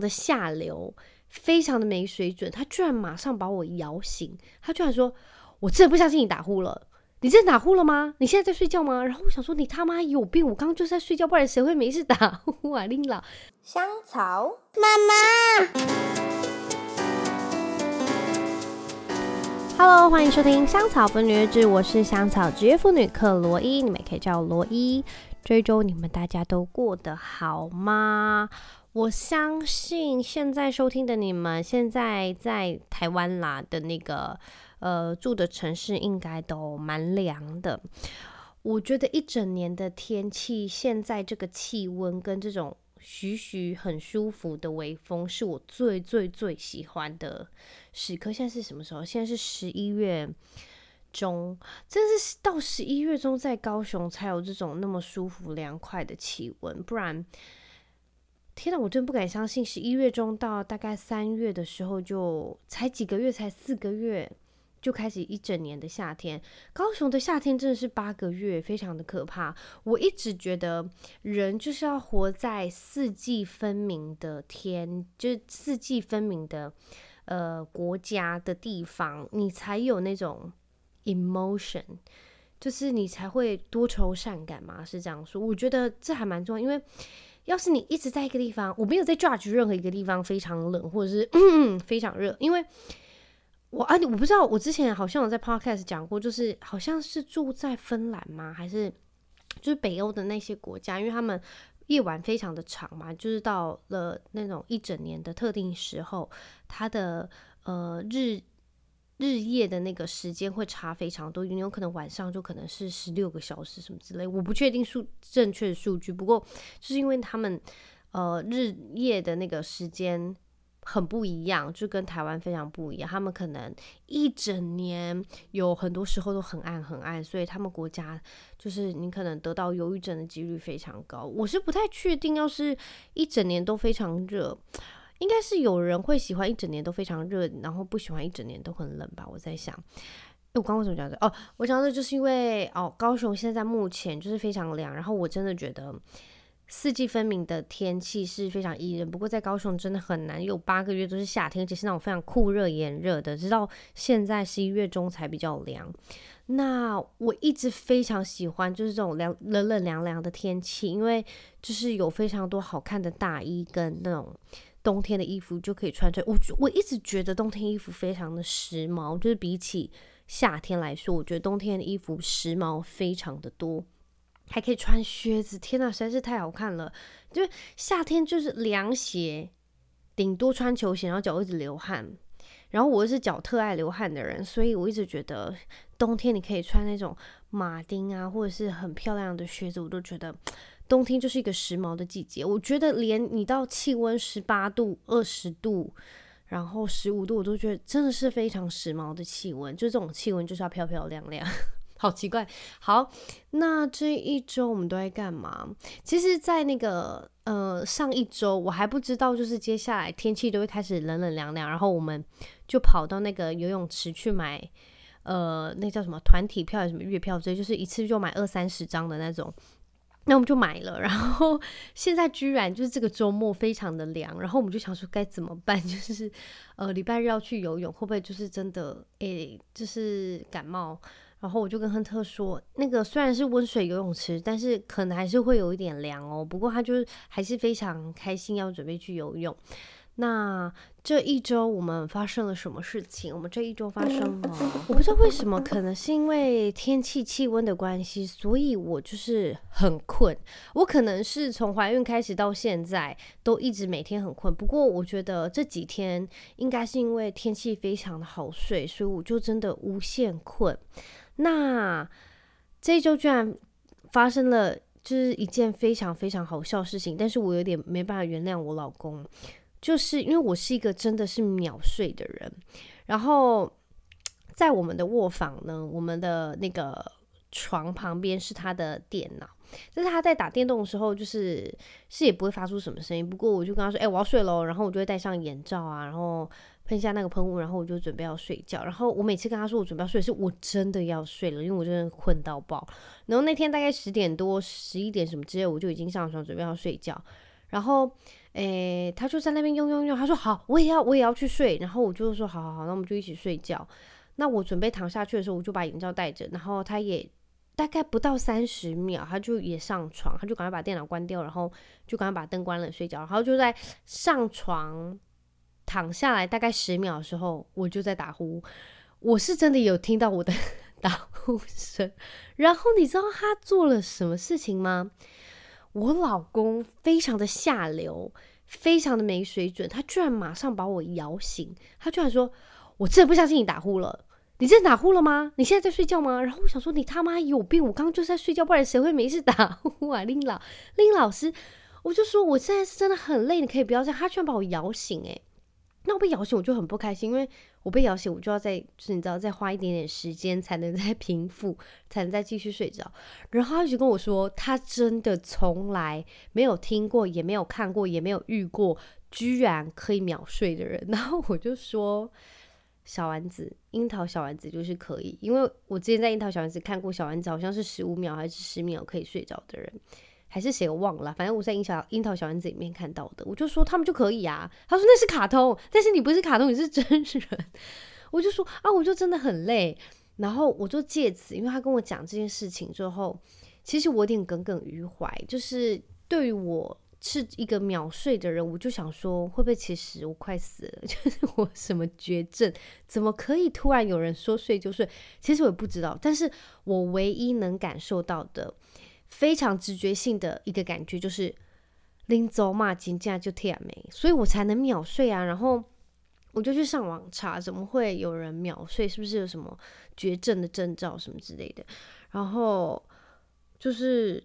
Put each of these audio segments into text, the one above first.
的下流，非常的沒水準。他居然馬上把我搖醒，他居然說：“我真的不相信你打呼了，你真的打呼了嗎？你現在在睡覺嗎？”然後我想說：“你他媽有病！我剛剛就是在睡覺，不然誰會沒事打呼啊？”令了香草媽媽，Hello，歡迎收聽《香草婦女日志》，我是香草職業婦女克羅伊，你們也可以叫我羅伊。這一周你們大家都過得好嗎？我相信現在收聽的你們，現在在台灣啦的那個，呃，住的城市應該都蠻涼的。我覺得一整年的天氣，現在這個氣溫跟這種徐徐很舒服的微風，是我最最最最喜歡的時刻。現在是什麼時候？現在是十一月中，真的是到十一月中，在高雄才有這種那麼舒服涼快的氣溫，不然。天吶，我真不敢相信，十一月中到大概三月的時候就，就才幾個月，才四個月，就開始一整年的夏天。高雄的夏天真的是八個月，非常的可怕。我一直覺得人就是要活在四季分明的天，就是四季分明的呃國家的地方，你才有那種 emotion，就是你才會多愁善感嘛，是這樣說。我覺得這還蠻重要，因為。要是你一直在一個地方，我沒有在 judge 任何一個地方非常冷，或者是呵呵非常熱，因為我啊，我不知道，我之前好像有在 podcast 講過，就是好像是住在芬蘭嗎？還是就是北歐的那些國家，因為他們夜晚非常的長嘛，就是到了那種一整年的特定時候，它的呃日。日夜的那個時間會差非常多，你有可能晚上就可能是十六個小時什麼之類，我不確定數正確的數據。不過，就是因為他們呃日夜的那個時間很不一樣，就跟台灣非常不一樣。他們可能一整年有很多時候都很暗很暗，所以他們國家就是你可能得到憂鬱症的幾率非常高。我是不太確定，要是一整年都非常熱。應該是有人會喜歡一整年都非常熱，然後不喜歡一整年都很冷吧？我在想，誒，我剛剛為什麼講這？哦，我講的就是因為哦，高雄現在目前就是非常涼，然後我真的覺得四季分明的天氣是非常宜人。不過在高雄真的很難有八個月都是夏天，而且是那種非常酷熱炎熱的，直到現在十一月中才比較涼。那我一直非常喜歡就是這種涼冷冷涼涼的天氣，因為就是有非常多好看的大衣跟那種。冬天的衣服就可以穿穿，我我一直覺得冬天衣服非常的時髦，就是比起夏天來說，我覺得冬天的衣服時髦非常的多，還可以穿靴子，天吶，實在是太好看了。就夏天就是涼鞋，頂多穿球鞋，然後腳一直流汗，然後我又是腳特愛流汗的人，所以我一直覺得冬天你可以穿那種馬丁啊，或者是很漂亮的靴子，我都覺得。冬天就是一個時髦的季節，我覺得連你到氣溫十八度、二十度，然後十五度，我都覺得真的是非常時髦的氣溫。就這種氣溫就是要漂漂亮亮，好奇怪。好，那這一周我們都在幹嘛？其實，在那個呃上一周，我還不知道，就是接下來天氣都會開始冷冷涼涼，然後我們就跑到那個游泳池去買，呃，那叫什麼團體票，什麼月票，所以就是一次就買二三十張的那種。那我們就買了，然後現在居然就是這個周末非常的涼，然後我們就想說該怎麼辦，就是呃禮拜日要去游泳，會不會就是真的誒就是感冒？然後我就跟亨特說，那個雖然是溫水游泳池，但是可能還是會有一點涼哦。不過他就是還是非常開心要準備去游泳，那。這一周我們發生了什麼事情？我們這一周發生了， 我不知道為什麼，可能是因為天氣氣溫的關係，所以我就是很困。我可能是從懷孕開始到現在都一直每天很困，不過我覺得這幾天應該是因為天氣非常的好睡，所以我就真的無限困。那這一周居然發生了就是一件非常非常好笑的事情，但是我有點沒辦法原諒我老公。就是因為我是一個真的是秒睡的人，然後在我們的臥房呢，我們的那個床旁邊是他的電腦。但是他在打電動的時候，就是是也不會發出什麼聲音。不過我就跟他說：“誒、欸，我要睡嘍。”然後我就會戴上眼罩啊，然後噴一下那個噴霧，然後我就準備要睡覺。然後我每次跟他說我準備要睡，是我真的要睡了，因為我真的困到爆。然後那天大概十點多、十一點什麼之類，我就已經上床準備要睡覺。然後。哎、欸，他就在那邊用用用，他說好，我也要，我也要去睡。然後我就說好，好，好，好，那我們就一起睡覺。那我準備躺下去的時候，我就把眼罩戴着。然後他也大概不到三十秒，他就也上床，他就趕快把電腦關掉，然後就趕快把燈關了睡覺。然後就在上床躺下來大概十秒的時候，我就在打呼。我是真的有聽到我的 打呼聲。然後你知道他做了什麼事情嗎？我老公非常的下流。非常的沒水準，他居然馬上把我搖醒，他居然說：“我真的不相信你打呼了，你真的打呼了嗎？你現在在睡覺嗎？”然後我想說：“你他媽有病！我剛剛就是在睡覺，不然誰會沒事打呼啊？”林老，林老師，我就說我現在是真的很累，你可以不要這樣。他居然把我搖醒、欸，誒。那我被咬醒，我就很不開心，因為我被咬醒，我就要再就是你知道再花一點點時間才能再平復，才能再繼續睡着。然後他一直跟我說，他真的從來沒有聽過，也沒有看過，也沒有遇過，居然可以秒睡的人。然後我就說，小丸子，櫻桃小丸子就是可以，因為我之前在櫻桃小丸子看過，小丸子好像是十五秒還是十秒可以睡着的人。還是誰我忘了，反正我在《櫻桃櫻桃小丸子》裡面看到的，我就說他們就可以啊。他說那是卡通，但是你不是卡通，你是真人。我就說啊，我就真的很累。然後我就借此，因為他跟我講這件事情之後，其實我有點耿耿於懷。就是對於我是一個秒睡的人，我就想說，會不會其實我快死了？就是我什麼絕症，怎麼可以突然有人說睡就睡？其實我也不知道，但是我唯一能感受到的。非常直覺性的一個感覺就是拎走嘛，緊接就天沒，所以我才能秒睡啊。然後我就去上網查，怎麼會有人秒睡？是不是有什麼絕症的徵兆什麼之類的？然後就是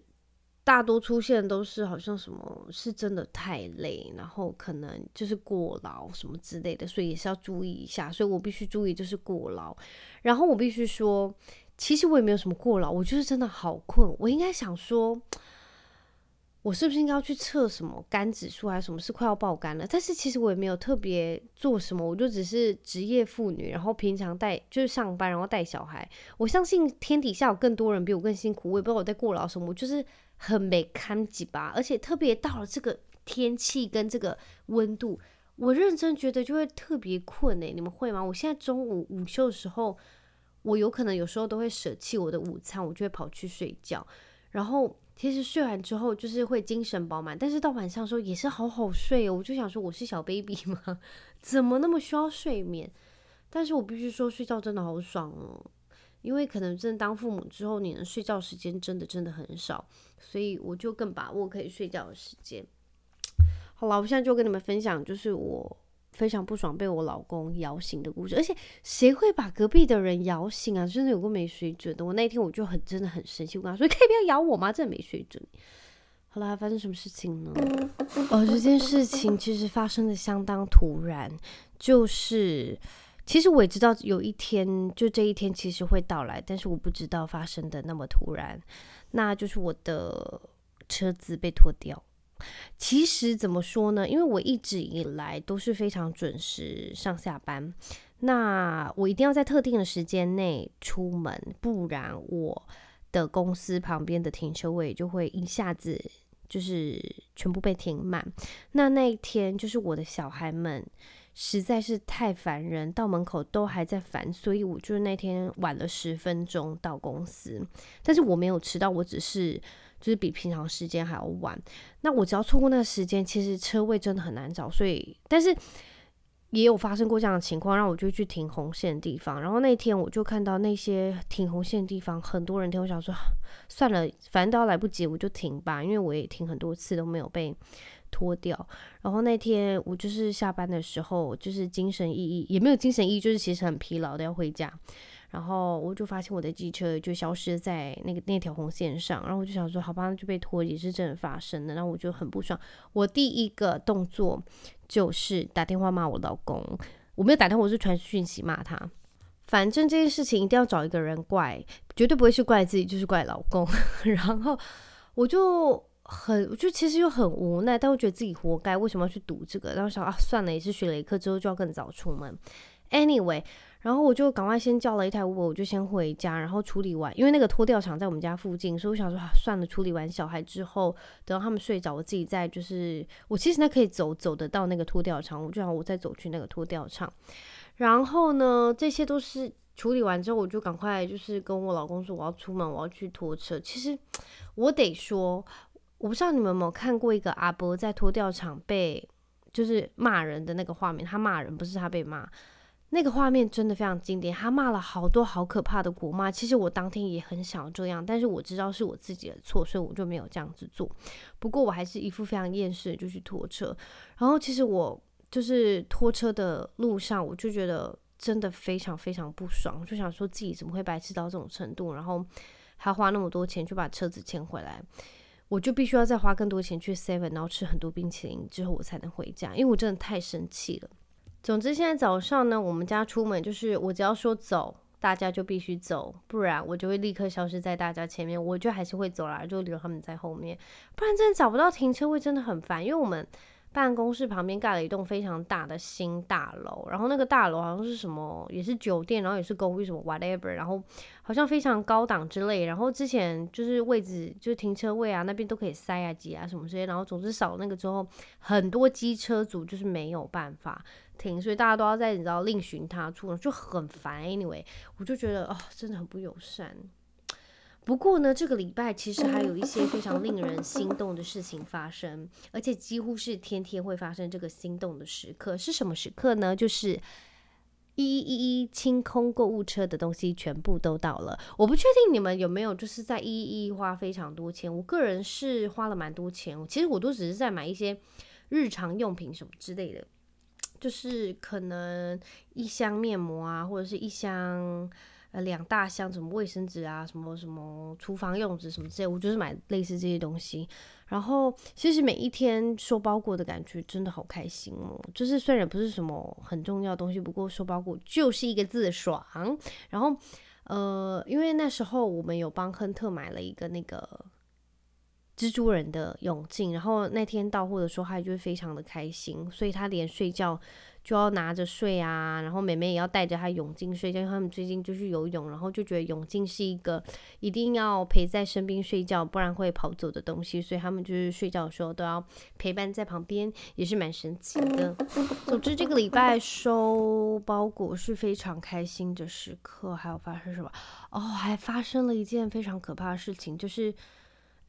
大多出現都是好像什麼是真的太累，然後可能就是過勞什麼之類的，所以也是要注意一下。所以我必須注意就是過勞，然後我必須說。其實我也沒有什麼過勞，我就是真的好困。我應該想說，我是不是應該要去測什麼肝指數還是什麼，是快要爆肝了？但是其實我也沒有特別做什麼，我就只是職業婦女，然後平常帶就是上班，然後帶小孩。我相信天底下有更多人比我更辛苦，我也不知道我在過勞什麼，我就是很沒幹勁吧。而且特別到了這個天氣跟這個溫度，我認真覺得就會特別困誒、欸，你們會嗎？我現在中午午休的時候。我有可能有時候都會捨棄我的午餐，我就會跑去睡覺。然後其實睡完之後就是會精神飽滿，但是到晚上時候也是好好睡哦。我就想說我是小 baby 嗎？怎麼那麼需要睡眠？但是我必須說睡覺真的好爽哦，因為可能真的當父母之後，你的睡覺時間真的真的很少，所以我就更把握可以睡覺的時間。好了，我現在就跟你們分享，就是我。非常不爽被我老公搖醒的故事，而且誰會把隔壁的人搖醒啊？真的有個沒水準的。我那一天我就很真的很生氣，我跟他說：“可以不要搖我嗎？”真的沒水準。好啦，後來發生什麼事情呢？嗯、哦，這件事情其實發生的相當突然，就是其實我也知道有一天就這一天其實會到來，但是我不知道發生的那麼突然。那就是我的車子被拖掉。其實怎麼說呢？因為我一直以來都是非常準時上下班，那我一定要在特定的時間內出門，不然我的公司旁邊的停車位就會一下子就是全部被停滿。那那一天就是我的小孩們實在是太煩人，到門口都還在煩，所以我就是那天晚了十分鐘到公司，但是我沒有遲到，我只是。就是比平常時間還要晚，那我只要錯過那個時間，其實車位真的很難找。所以，但是也有發生過這樣的情況，讓我就去停紅線的地方。然後那天我就看到那些停紅線的地方，很多人停。我想說，算了，反正都要來不及，我就停吧。因為我也停很多次都沒有被拖掉。然後那天我就是下班的時候，就是精神奕奕，也沒有精神奕奕，就是其實很疲勞的要回家。然後我就發現我的機車就消失在那個那條紅線上，然後我就想說，好吧，那就被拖也是真的發生的，然後我就很不爽。我第一個動作就是打電話罵我老公，我沒有打電話，我是傳訊息罵他。反正這件事情一定要找一個人怪，絕對不會是怪自己，就是怪老公。 然後我就很，我就其實又很無奈，但我覺得自己活該，為什麼要去賭這個？然後我想啊，算了，也是學了一課，之後就要更早出門。Anyway。然後我就趕快先叫了一台 Uber，我就先回家，然後處理完，因為那個拖吊廠在我們家附近，所以我想說、啊、算了，處理完小孩之後，等到他們睡着，我自己再就是，我其實那可以走走得到那個拖吊廠，我就想我再走去那個拖吊廠。然後呢，這些都是處理完之後，我就趕快就是跟我老公說我要出門，我要去拖車。其實我得說，我不知道你們有沒有看過一個阿伯在拖吊廠被就是罵人的那個畫面，他罵人不是他被罵。那個畫面真的非常經典，他罵了好多好可怕的國罵。其實我當天也很想要這樣，但是我知道是我自己的錯，所以我就沒有這樣子做。不過我還是一副非常厭世，就去拖車。然後其實我就是拖車的路上，我就覺得真的非常非常不爽，就想說自己怎麼會白痴到這種程度，然後還花那麼多錢去把車子牽回來，我就必須要再花更多錢去 seven，然後吃很多冰淇淋之後，我才能回家，因為我真的太生氣了。總之，現在早上呢，我們家出門就是我只要說走，大家就必須走，不然我就會立刻消失在大家前面。我就還是會走啦，就留他們在後面，不然真的找不到停車位，真的很煩。因為我們。辦公室旁邊蓋了一棟非常大的新大樓，然後那個大樓好像是什麼，也是酒店，然後也是公寓，什麼 whatever，然後好像非常高檔之類。然後之前就是位置，就是停車位啊，那邊都可以塞啊，擠啊什麼之類。然後總之少了那個之後，很多機車族就是沒有辦法停，所以大家都要在你知道另尋他處，就很煩。因為我就覺得啊、哦，真的很不友善。不過呢，這個禮拜其實還有一些非常令人心動的事情發生，而且幾乎是天天會發生這個心動的時刻。是什麼時刻呢？就是一一一清空購物車的東西全部都到了。我不確定你們有沒有就是在一一一花非常多錢。我個人是花了蠻多錢，其實我都只是在買一些日常用品什麼之類的，就是可能一箱面膜啊，或者是一箱。呃，兩大箱什麼衛生紙啊，什麼什麼廚房用紙什麼之類的，我就是買類似這些東西。然後其實每一天收包裹的感覺真的好開心哦，就是雖然不是什麼很重要東西，不過收包裹就是一個字爽。然後呃，因為那時候我們有幫亨特買了一個那個蜘蛛人的泳鏡，然後那天到貨的時候，他也就非常的開心，所以他連睡覺。就要拿着睡啊，然後妹妹也要帶着她泳鏡睡覺，因為他們最近就是游泳，然後就覺得泳鏡是一個一定要陪在身邊睡覺，不然會跑走的東西，所以他們就是睡覺的時候都要陪伴在旁邊，也是蠻神奇的。總之，這個禮拜收包裹是非常開心的時刻，還有發生什麼？哦，還發生了一件非常可怕的事情，就是，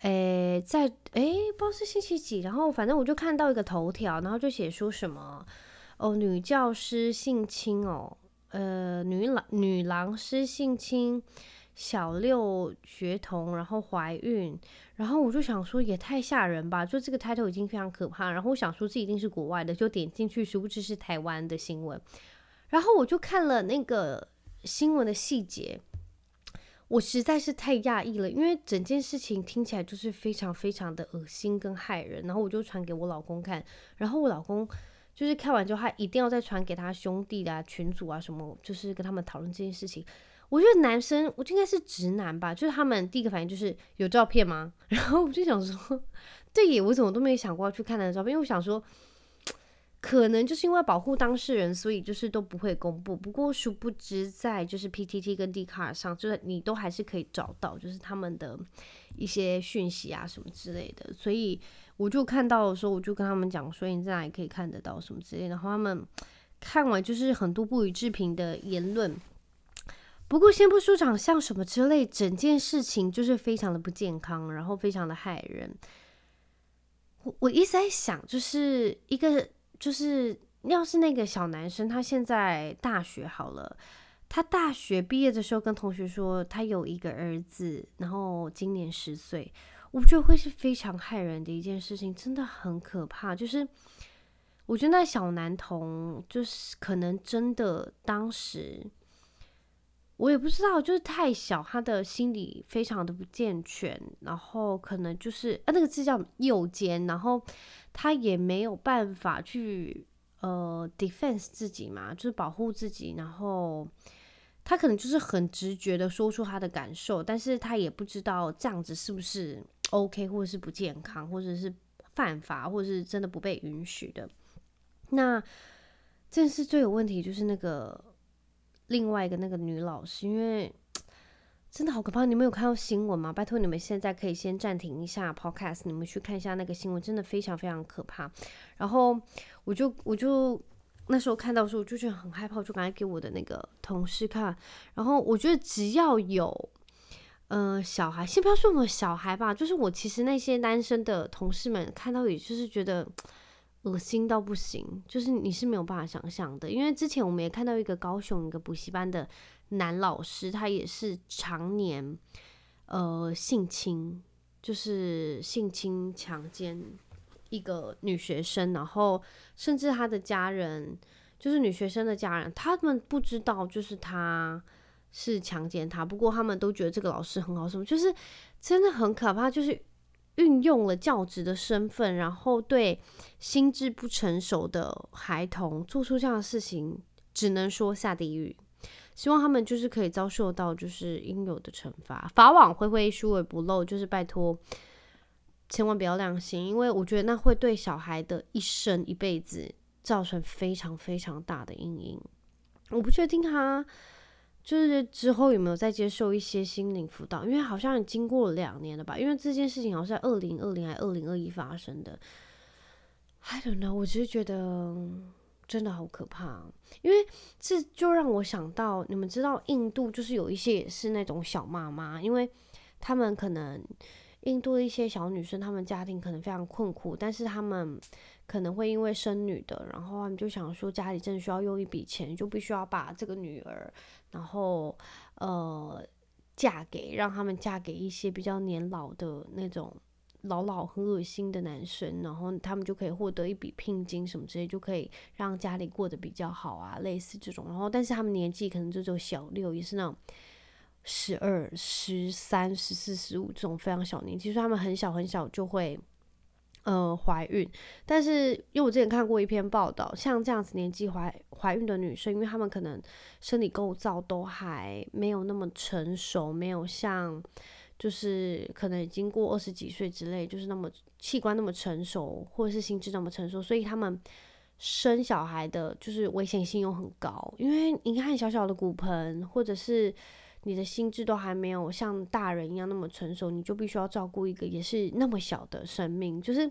誒，在誒不知道是星期幾，然後反正我就看到一個頭條，然後就寫說什麼。哦，女教師性侵哦，呃，女老女老師性侵小六學童，然後懷孕，然後我就想說也太嚇人吧，就這個 title 已經非常可怕，然後我想說這一定是國外的，就點進去，殊不知是，是台灣的新聞，然後我就看了那個新聞的細節，我實在是太訝異了，因為整件事情聽起來就是非常非常的噁心跟駭人，然後我就傳給我老公看，然後我老公。就是看完之後，他一定要再傳給他兄弟啊、群組啊什麼，就是跟他們討論這件事情。我覺得男生，我就應該是直男吧，就是他們第一個反應就是有照片嗎？然後我就想說， 對耶，我怎麼都沒想過要去看他的照片，因為我想說，可能就是因為保護當事人，所以就是都不會公布。不過殊不知，在就是 PTT 跟 Dcard 上，就是你都還是可以找到，就是他們的一些訊息啊什麼之類的，所以。我就看到的時候，我就跟他們講說，你在哪裡可以看得到什麼之類的。然後他們看完就是很多不予置評的言論。不過先不說長相什麼之類，整件事情就是非常的不健康，然後非常的害人。我我一直在想，就是一個就是要是那個小男生他現在大學好了，他大學畢業的時候跟同學說他有一個兒子，然後今年十歲。我覺得會是非常害人的一件事情，真的很可怕。就是我覺得那小男童就是可能真的，當時我也不知道，就是太小，他的心理非常的不健全，然後可能就是啊，那個字叫誘姦，然後他也沒有辦法去呃 defense 自己嘛，就是保護自己，然後他可能就是很直覺的說出他的感受，但是他也不知道這樣子是不是。OK，或者是不健康，或者是犯法，或者是真的不被允許的。那這是最有問題，就是那個另外一個那個女老師，因為真的好可怕。你們有看到新聞嗎？拜托你們現在可以先暫停一下 Podcast，你們去看一下那個新聞，真的非常非常可怕。然後我就我就那時候看到的時候，我就覺得很害怕，就趕快給我的那個同事看。然後我覺得只要有。呃，小孩先不要說我們小孩吧，就是我其實那些單身的同事們看到也就是覺得噁心到不行，就是你是沒有辦法想象的，因為之前我們也看到一個高雄一個補習班的男老師，他也是常年呃性侵，就是性侵強姦一個女學生，然後甚至他的家人，就是女學生的家人，他們不知道就是他，是強姦他，不過他們都覺得這個老師很好，什麼就是真的很可怕，就是運用了教職的身份，然後對心智不成熟的孩童，做出這樣的事情，只能說下地獄。希望他們就是可以遭受到就是應有的懲罰，法網恢恢，疏而不漏。就是拜託，千萬不要良心，因為我覺得那會對小孩的一生一輩子造成非常非常大的陰影。我不確定他。就是之後有沒有再接受一些心靈輔導？因為好像經過兩年了吧，因為這件事情好像是二零二零還是二零二一發生的，I don't know，我只是覺得真的好可怕，因為這就讓我想到，你們知道印度就是有一些也是那種小媽媽，因為他們可能。印度的一些小女生，她們家庭可能非常困苦，但是她們可能會因為生女的，然後她們就想說家裡正需要用一筆錢，就必須要把這個女兒，然後呃嫁給，讓她們嫁給一些比較年老的那種老老很惡心的男生，然後他們就可以獲得一筆聘金什麼之類，就可以讓家裡過得比較好啊，類似這種。然後，但是他們年紀可能就只有小六，也是那種。十二、十三、十四、十五這種非常小年紀，所以他們很小很小就會，呃，懷孕。但是因為我之前看過一篇報道像這樣子年紀懷懷孕的女生，因為她們可能生理構造都還沒有那麼成熟，沒有像就是可能已經過二十幾歲之類，就是那麼器官那麼成熟，或者是心智那麼成熟，所以她們生小孩的就是危險性又很高。因為你看小小的骨盆，或者是你的心智都還沒有像大人一樣那麼成熟，你就必須要照顧一個也是那麼小的生命。就是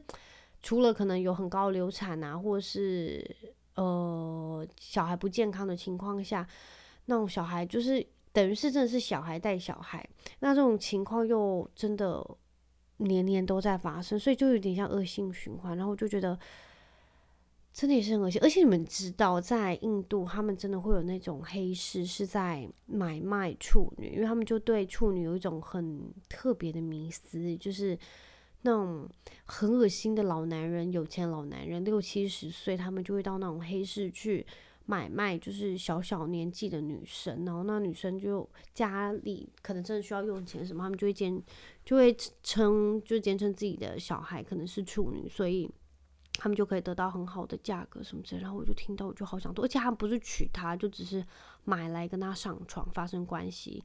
除了可能有很高流產啊，或者是呃小孩不健康的情況下，那種小孩就是等於是真的是小孩帶小孩，那這種情況又真的年年都在發生，所以就有點像惡性循環。然後我就覺得。真的也是很噁心，而且你們知道，在印度，他們真的會有那種黑市是在買賣處女，因為他們就對處女有一種很特別的迷思，就是那種很噁心的老男人，有錢老男人六七十歲，他們就會到那種黑市去買賣，就是小小年紀的女生，然後那女生就家裡可能真的需要用錢什麼，他們就會堅就會稱就堅稱自己的小孩可能是處女，所以。他們就可以得到很好的價格什麼之類，然後我就聽到我就好想吐，而且他們不是娶她，就只是買來跟她上床發生關係，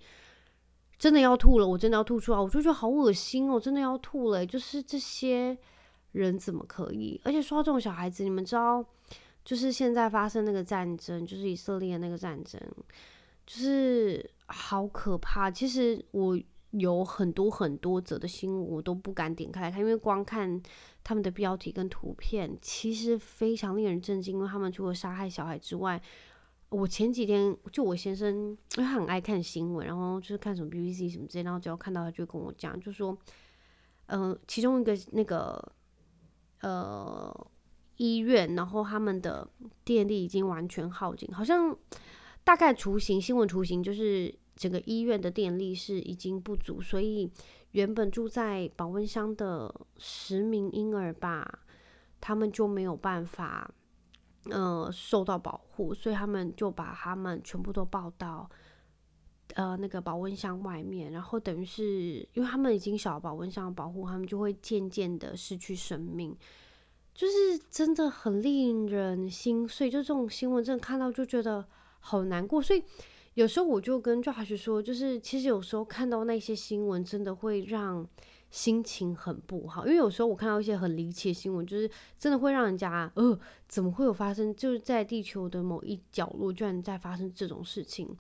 真的要吐了，我真的要吐出來，我就覺得好惡心哦，真的要吐了、欸，就是這些人怎麼可以？而且說到這種小孩子，你們知道，就是現在發生那個戰爭，就是以色列的那個戰爭，就是好可怕。其實我。有很多很多則的新聞，我都不敢點開來看，因為光看他們的標題跟圖片，其實非常令人震驚。因為他們除了殺害小孩之外，我前幾天就我先生，因為他很愛看新聞，然後就是看什麼 BBC 什麼之類，然後只要看到他就跟我講，就說、呃，嗯，其中一個那個呃醫院，然後他們的電力已經完全耗盡，好像大概雛形新聞雛形就是。整個醫院的電力是已經不足，所以原本住在保溫箱的十名嬰兒吧，他們就沒有辦法，呃，受到保護，所以他們就把他們全部都抱到，呃，那個保溫箱外面，然後等於是因為他們已經少了保溫箱的保護，他們就會漸漸的失去生命，就是真的很令人心碎，所以就這種新聞，真的看到就覺得好難過，所以。有時候我就跟 Josh 說，就是其實有時候看到那些新聞，真的會讓心情很不好。因為有時候我看到一些很離奇的新聞，就是真的會讓人家呃，怎麼會有發生？就是在地球的某一角落，居然在發生這種事情。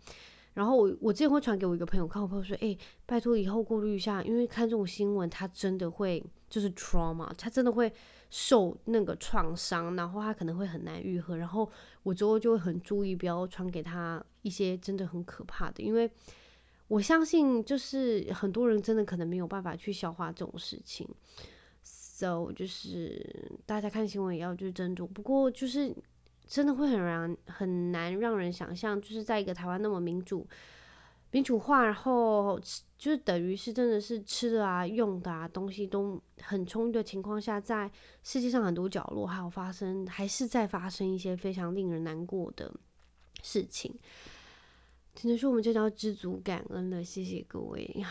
然後我我之前會傳給我一個朋友看，我朋友說：“誒，拜託以後顧慮一下，因為看這種新聞，他真的會就是 trauma，他真的會受那個創傷，然後他可能會很難癒合。”然後我之後就會很注意，不要傳給他一些真的很可怕的，因為我相信就是很多人真的可能沒有辦法去消化這種事情。所以就是大家看新聞也要就是斟酌，不過就是。真的會很讓很難讓人想象就是在一個台灣那麼民主、民主化，然後就等於是真的是吃的啊、用的啊東西都很充裕的情況下，在世界上很多角落還有發生，還是在發生一些非常令人難過的事情。只能說我們這叫知足感恩了，謝謝各位。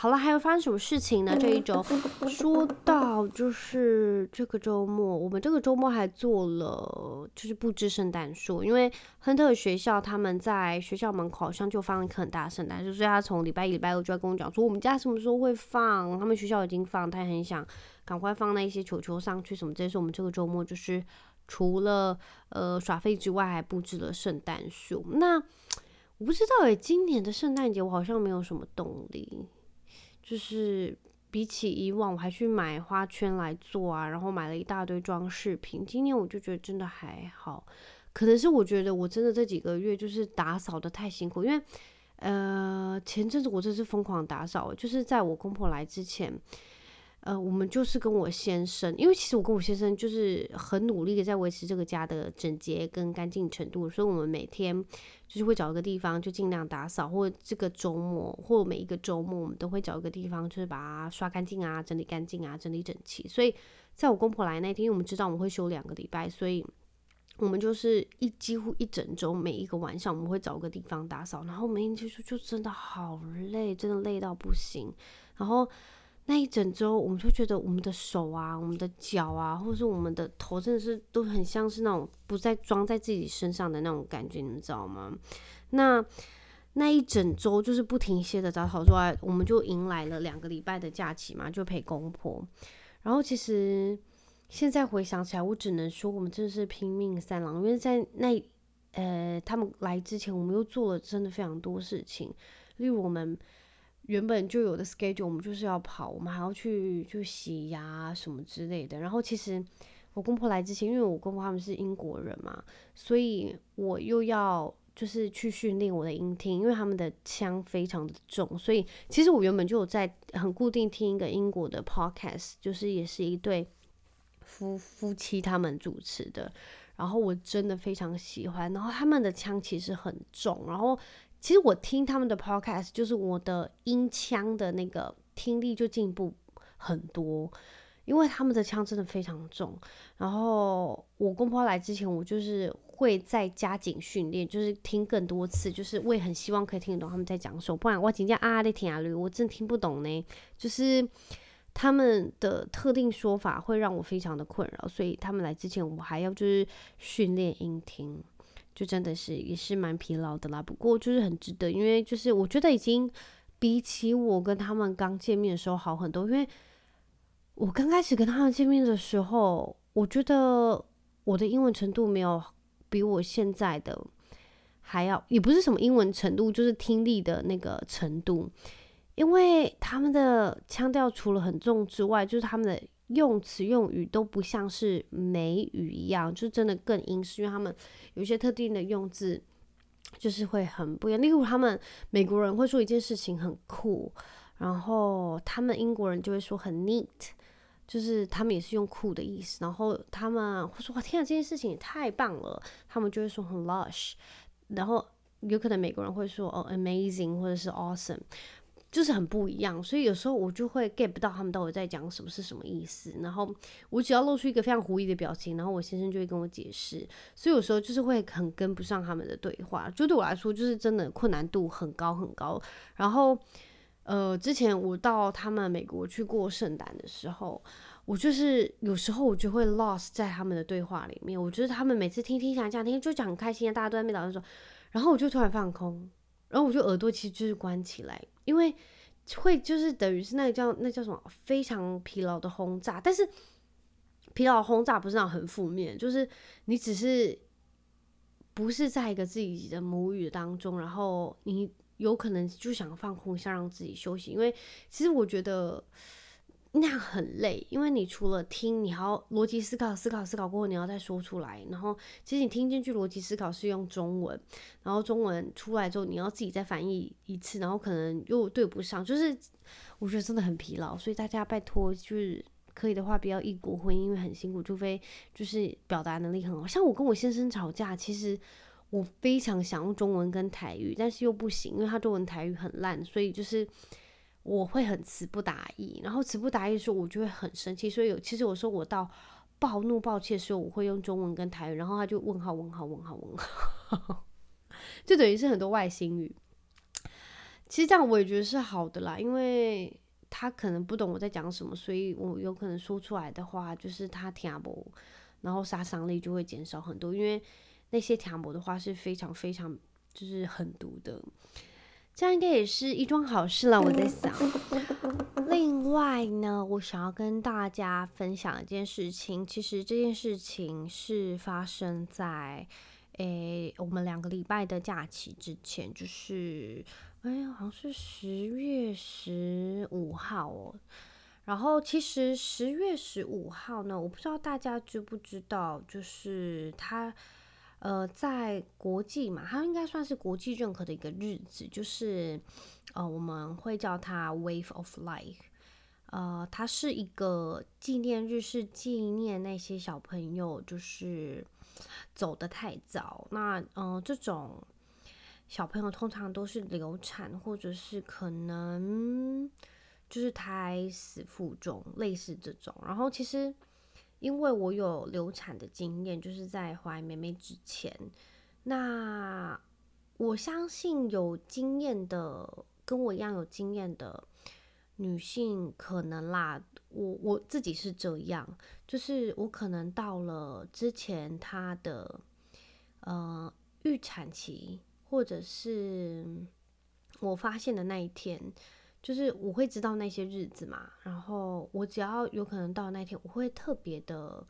好了，還有發生什麼事情呢？這一周，說到就是這個周末，我們這個周末還做了就是布置聖誕樹，因為亨特學校他們在學校門口好像就放了一個很大聖誕樹，所以他從禮拜一禮拜二就在跟我講說，我們家什麼時候會放，他們學校已經放，他很想趕快放那一些球球上去什麼。這是我們這個周末就是除了呃耍廢之外，還布置了聖誕樹。那我不知道誒、欸，今年的聖誕節我好像沒有什麼動力。就是比起以往，我還去買花圈來做啊，然後買了一大堆裝飾品。今年我就覺得真的還好，可能是我覺得我真的這幾個月就是打掃的太辛苦，因為呃前陣子我真是瘋狂打掃，就是在我公婆來之前。呃，我們就是跟我先生，因為其實我跟我先生就是很努力的在維持這個家的整潔跟乾淨程度，所以我們每天就是會找一個地方就盡量打掃，或這個周末或每一個周末我們都會找一個地方就是把它刷乾淨啊、整理乾淨啊、整理整齊。所以在我公婆來那天，因為我們知道我們會休兩個禮拜，所以我們就是一幾乎一整周每一個晚上我們會找一個地方打掃，然後我們就說就真的好累，真的累到不行，然後。那一整週，我們就覺得我們的手啊、我們的腳啊，或者是我們的頭，真的是都很像是那種不再裝在自己身上的那種感覺，你知道嗎？那那一整週就是不停歇的在跑說來，我們就迎來了兩個禮拜的假期嘛，就陪公婆。然後其實現在回想起來，我只能說我們真的是拼命三郎，因為在那呃他們來之前，我們又做了真的非常多事情，例如我們。原本就有的 schedule，我們就是要跑，我們還要去就洗牙啊，什麼之類的。然後其實我公婆來之前，因為我公婆他們是英國人嘛，所以我又要就是去訓練我的音聽，因為他們的腔非常的重。所以其實我原本就有在很固定聽一個英國的 podcast，就是也是一對夫夫妻他們主持的，然後我真的非常喜歡。然後他們的腔其實很重，然後。其實我聽他們的 podcast，就是我的音腔的那個聽力就進步很多，因為他們的腔真的非常重。然後我公婆來之前，我就是會再加緊訓練，就是聽更多次，就是我也很希望可以聽得懂他們在講什麼。不然我整天啊的天啊，我真聽不懂呢。就是他們的特定說法會讓我非常的困擾，所以他們來之前，我還要就是訓練音聽。就真的是也是蠻疲勞的啦，不過就是很值得，因為就是我覺得已經比起我跟他們剛見面的時候好很多。因為我剛開始跟他們見面的時候，我覺得我的英文程度沒有比我現在的還要，也不是什麼英文程度，就是聽力的那個程度。因為他們的腔調除了很重之外，就是他們的。用詞用語都不像是美語一樣，就真的更英式，因為他們有一些特定的用字，就是會很不一樣。例如，他們美國人會說一件事情很酷，然後他們英國人就會說很 neat，就是他們也是用酷的意思。然後他們會說哇天啊，這件事情也太棒了，他們就會說很 lush。然後有可能美國人會說哦 amazing 或者是 awesome。就是很不一樣，所以有時候我就會 get 不到他們到底在講什麼是什麼意思。然後我只要露出一個非常狐疑的表情，然後我先生就會跟我解釋。所以有時候就是會很跟不上他們的對話，就對我來說就是真的困難度很高很高。然後，呃，之前我到他們美國去過聖誕的時候，我就是有時候我就會 lost 在他們的對話裡面。我覺得他們每次聽聽講講聽就講很開心的、啊，大家都在那邊討論說，然後我就突然放空。然後我就耳朵其實就是關起來，因為會就是等於是那個叫那叫什麼非常疲勞的轟炸。但是疲勞轟炸不是那種很負面，就是你只是不是在一個自己的母語當中，然後你有可能就想放空想下，讓自己休息。因為其實我覺得。那樣很累，因為你除了聽，你還要邏輯思考、思考、思考過後，你要再說出來。然後，其實你聽進去邏輯思考是用中文，然後中文出來之後，你要自己再翻譯一次，然後可能又對不上，就是我覺得真的很疲勞。所以大家拜託，就是可以的話，不要異國婚姻，因為很辛苦。除非就是表達能力很好，像我跟我先生吵架，其實我非常想用中文跟台語，但是又不行，因為他中文台語很爛，所以就是。我會很詞不達意，然後詞不達意的時候，我就會很生氣。所以有，其實我說我到暴怒、暴氣的時候，我會用中文跟台語，然後他就問號、問號、問號、問號， 就等於是很多外星語。其實這樣我也覺得是好的啦，因為他可能不懂我在講什麼，所以我有可能說出來的話就是他聽不懂，然後殺傷力就會減少很多，因為那些聽不懂的話是非常非常就是狠毒的。這樣應該也是一樁好事了，我在想。另外呢，我想要跟大家分享一件事情。其實這件事情是發生在，誒，我們兩個禮拜的假期之前，就是，哎呀，好像是十月十五號哦。然後其實十月十五號呢，我不知道大家知不知道，就是他。呃，在國際嘛，它應該算是國際認可的一個日子，就是呃，我們會叫它 Wave of Light，呃，它是一個紀念日，是紀念那些小朋友就是走得太早。那嗯、呃，這種小朋友通常都是流產，或者是可能就是胎死腹中，類似這種。然後其實。因為我有流產的經驗，就是在懷美美之前。那我相信有經驗的，跟我一樣有經驗的女性，可能啦，我我自己是這樣，就是我可能到了之前她的呃預產期，或者是我發現的那一天。就是我會知道那些日子嘛，然後我只要有可能到那天，我會特別的，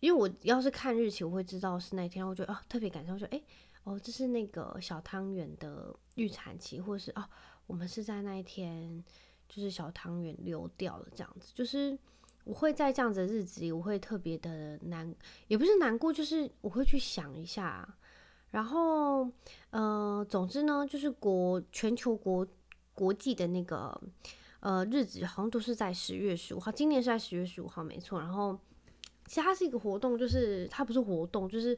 因為我要是看日期，我會知道是那天，我就哦特別感受說，我誒、欸、哦這是那個小湯圓的預產期，或者是哦我們是在那一天就是小湯圓流掉了這樣子，就是我會在這樣子的日子裡，我會特別的難，也不是難過，就是我會去想一下，然後嗯、呃，總之呢，就是國全球國。國際的那個呃日子好像都是在十月十五號，今年是在十月十五號，沒錯。然後其實它是一個活動，就是它不是活動，就是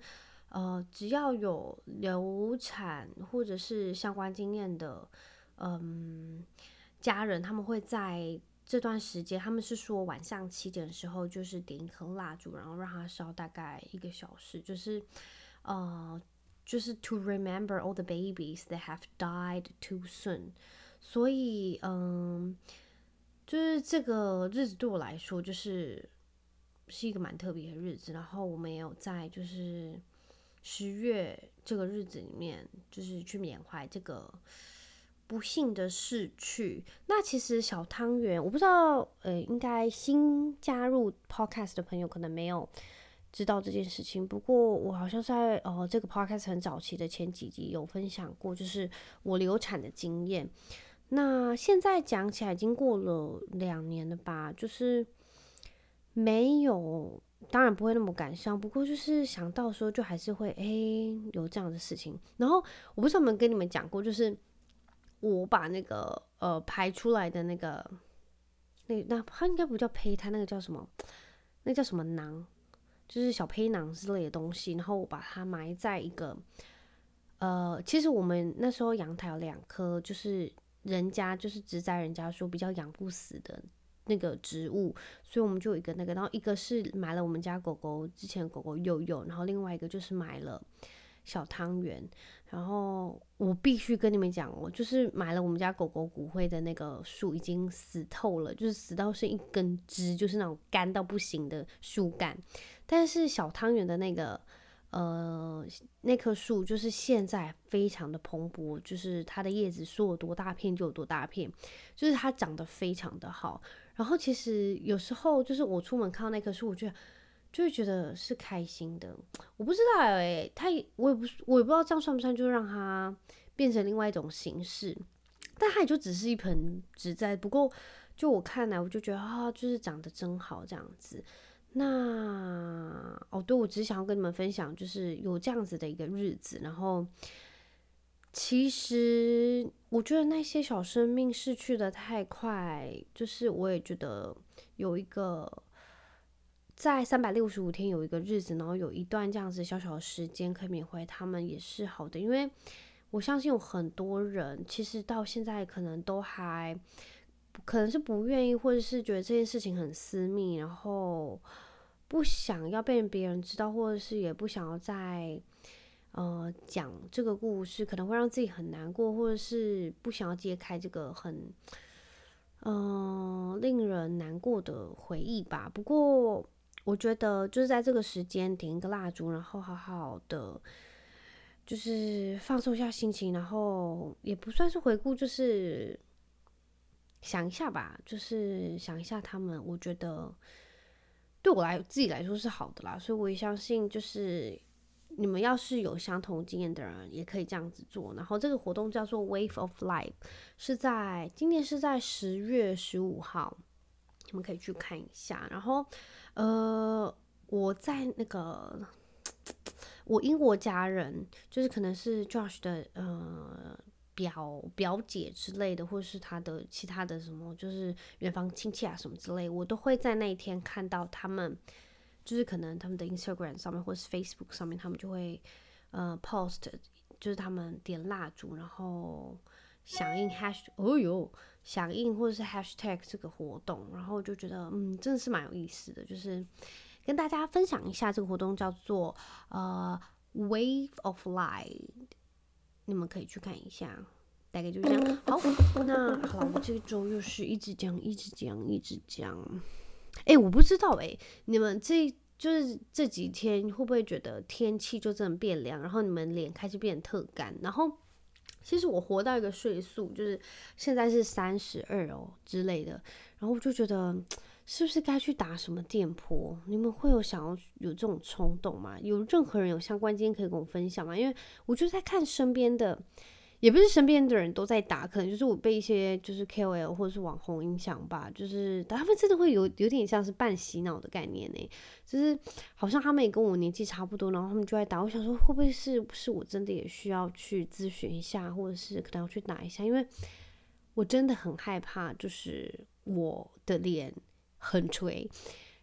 呃，只要有流產或者是相關經驗的嗯家人，他們會在這段時間，他們是說晚上七點的時候就是點一顆蠟燭，然後讓它燒大概一個小時，就是呃就是 to remember all the babies that have died too soon。所以，嗯，就是這個日子對我來說，就是是一個蠻特別的日子。然後，我們也有在就是十月這個日子裡面，就是去緬懷這個不幸的逝去。那其實小湯圓，我不知道，呃、欸，應該新加入 Podcast 的朋友可能沒有知道這件事情。不過，我好像在哦、呃，這個 Podcast 很早期的前幾集有分享過，就是我流產的經驗。那現在講起來已經過了兩年了吧？就是沒有，當然不會那麼感傷。不過就是想到時候就還是會哎、欸、有這樣的事情。然後我不知道有沒有跟你們講過，就是我把那個呃排出來的那個那那，它應該不叫胚胎，那個叫什麼？那叫什麼囊？就是小胚囊之類的東西。然後我把它埋在一個呃，其實我們那時候陽台有兩棵，就是。人家就是植栽，人家說比較養不死的那個植物，所以我們就有一個那個，然後一個是買了我們家狗狗之前狗狗悠悠，然後另外一個就是買了小湯圓。然後我必須跟你們講，我就是買了我們家狗狗骨灰的那個樹已經死透了，就是死到剩一根枝，就是那種乾到不行的樹幹。但是小湯圓的那個。呃，那棵樹就是現在非常的蓬勃，就是它的葉子說有多大片就有多大片，就是它長得非常的好。然後其實有時候就是我出門看到那棵樹，我就就會覺得是開心的。我不知道誒、欸，它我也不我也不知道這樣算不算就讓它變成另外一種形式，但它也就只是一盆植栽。不過就我看來，我就覺得啊，就是長得真好這樣子。那哦，對，我只是想要跟你們分享，就是有這樣子的一個日子。然後，其實我覺得那些小生命逝去的太快，就是我也覺得有一個在三百六十五天有一個日子，然後有一段這樣子小小的時間可以緬懷他們也是好的，因為我相信有很多人其實到現在可能都還。可能是不願意，或者是覺得這件事情很私密，然後不想要被別人知道，或者是也不想要再呃講這個故事，可能會讓自己很難過，或者是不想要揭開這個很嗯、呃、令人難過的回憶吧。不過我覺得就是在這個時間點一個蠟燭，然後好好的就是放鬆一下心情，然後也不算是回顧，就是。想一下吧，就是想一下他們，我覺得對我來自己來說是好的啦，所以我也相信，就是你們要是有相同經驗的人，也可以這樣子做。然後這個活動叫做 Wave of Light，是在今年是在十月十五號，你們可以去看一下。然後呃，我在那個我英國家人，就是可能是 Josh 的呃。表表姐之類的，或者是他的其他的什麼，就是遠房親戚啊什麼之類，我都會在那一天看到他們，就是可能他們的 Instagram 上面，或者是 Facebook 上面，他們就會呃 post，就是他們點蠟燭，然後響應 hash 哦喲，響應或者是 hashtag 這個活動，然後就覺得嗯，真的是蠻有意思的，就是跟大家分享一下這個活動叫做呃 Wave of Light。你們可以去看一下，大概就是這樣。好，那好了，我們這週、個、又是一直講，一直講，一直講。哎、欸，我不知道哎、欸，你們這就是這幾天會不會覺得天氣就這麼變涼，然後你們臉開始變得特乾？然後，其實我活到一個歲數，就是現在是三十二哦之類的，然後我就覺得。是不是該去打什麼電波？你們會有想要有這種衝動嗎？有任何人有相關經驗可以跟我分享嗎？因為我就在看身邊的，也不是身邊的人都在打，可能就是我被一些就是 KOL 或者是網紅影響吧。就是他們真的會有有點像是半洗腦的概念呢，就是好像他們也跟我年紀差不多，然後他們就在打。我想說，會不會是是我真的也需要去諮詢一下，或者是可能要去打一下？因為我真的很害怕，就是我的臉。很垂，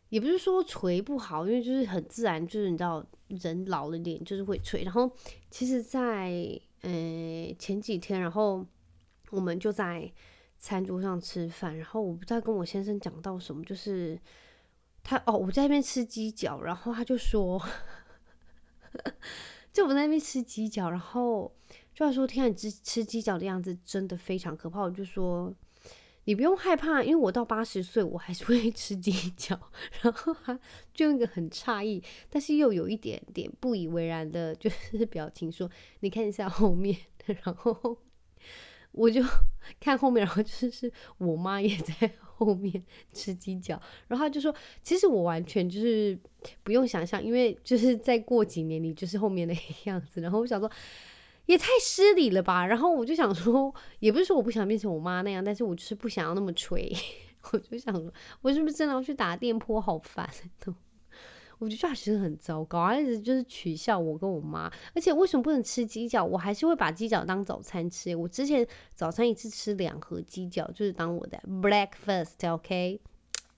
也不是說垂不好，因為就是很自然，就是你知道，人老了臉就是會垂。然後其實在，在、欸、呃前幾天，然後我們就在餐桌上吃飯，然後我不知道跟我先生講到什麼，就是他哦，我在那邊吃雞腳，然後他就說， 就我在那邊吃雞腳，然後就他說，天啊，吃吃雞腳的樣子真的非常可怕。我就說。你不用害怕，因為我到八十歲，我還是會吃雞腳。然後他就用一個很詫異，但是又有一點點不以為然的，就是表情說：“你看一下後面。”然後我就看後面，然後就是，是我媽也在後面吃雞腳。然後他就說：“其實我完全就是不用想象，因為就是再過幾年，你就是後面那個樣子。”然後我想說。也太失禮了吧！然後我就想說，也不是說我不想變成我媽那樣，但是我就是不想要那麼垂。 我就想說，我是不是真的要去打電波？好煩！ 我就覺得其實很糟糕，一直就是取笑我跟我媽。而且為什麼不能吃雞腳？我還是會把雞腳當早餐吃。我之前早餐一次吃兩盒雞腳，就是當我的 breakfast，OK，okay。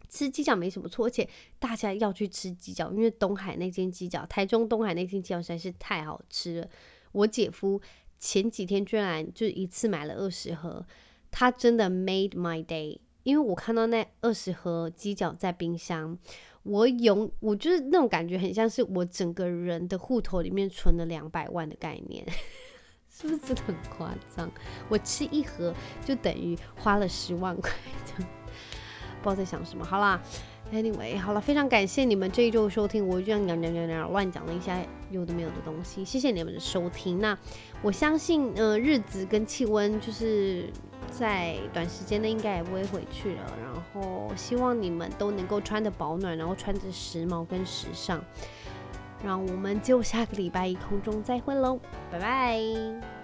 吃雞腳沒什麼錯，而且大家要去吃雞腳，因為東海那間雞腳，台中東海那間雞腳實在是太好吃了。我姐夫前幾天居然就一次買了二十盒，他真的 made my day，因為我看到那二十盒雞腳在冰箱，我有，我就是那種感覺很像是我整個人的戶頭裡面存了兩百萬的概念， 是不是真的很誇張？我吃一盒就等於花了十萬塊這樣，不知道在想什麼，好啦。Anyway，好了，非常感謝你們這一周的收聽，我就講講講講亂講了一下有的沒有的東西，謝謝你們的收聽。那我相信，嗯、呃，日子跟氣溫就是在短時間內應該也不會回去了，然後希望你們都能夠穿得保暖，然後穿着時髦跟時尚。然後我們就下個禮拜一空中再會嘍，拜拜。